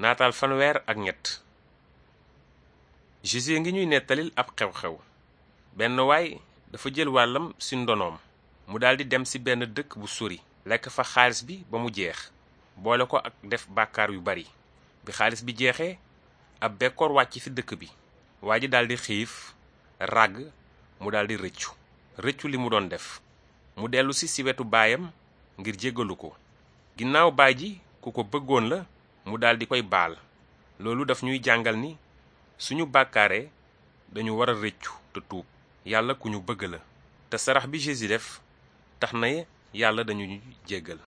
naataal fanweer ak ñett Jésus ngi ñuy nettalil ab xew-xew benn waay dafa jël wàllam ci ndonoom mu daldi dem ci benn dëkk bu sori lekk fa xaalis bi ba mu jeex boole ko ak def bàkkaar yu bari bi xaalis bi jeexee ab bekkoor wàcc ci dëkk bi waa ji daldi xiif ràgg mu daldi rëccu rëccu li mu doon def mu dellu si si wetu baayam ngir jéggalu ko ginnaaw baay ji ku ko bëggoon la mu daal di koy baal loolu daf ñuy jàngal ni suñu bàkkaaree dañu war a rëccu te tuub yàlla ku ñu bëgg la te sarax bi Jésus def tax na yàlla dañu jéggal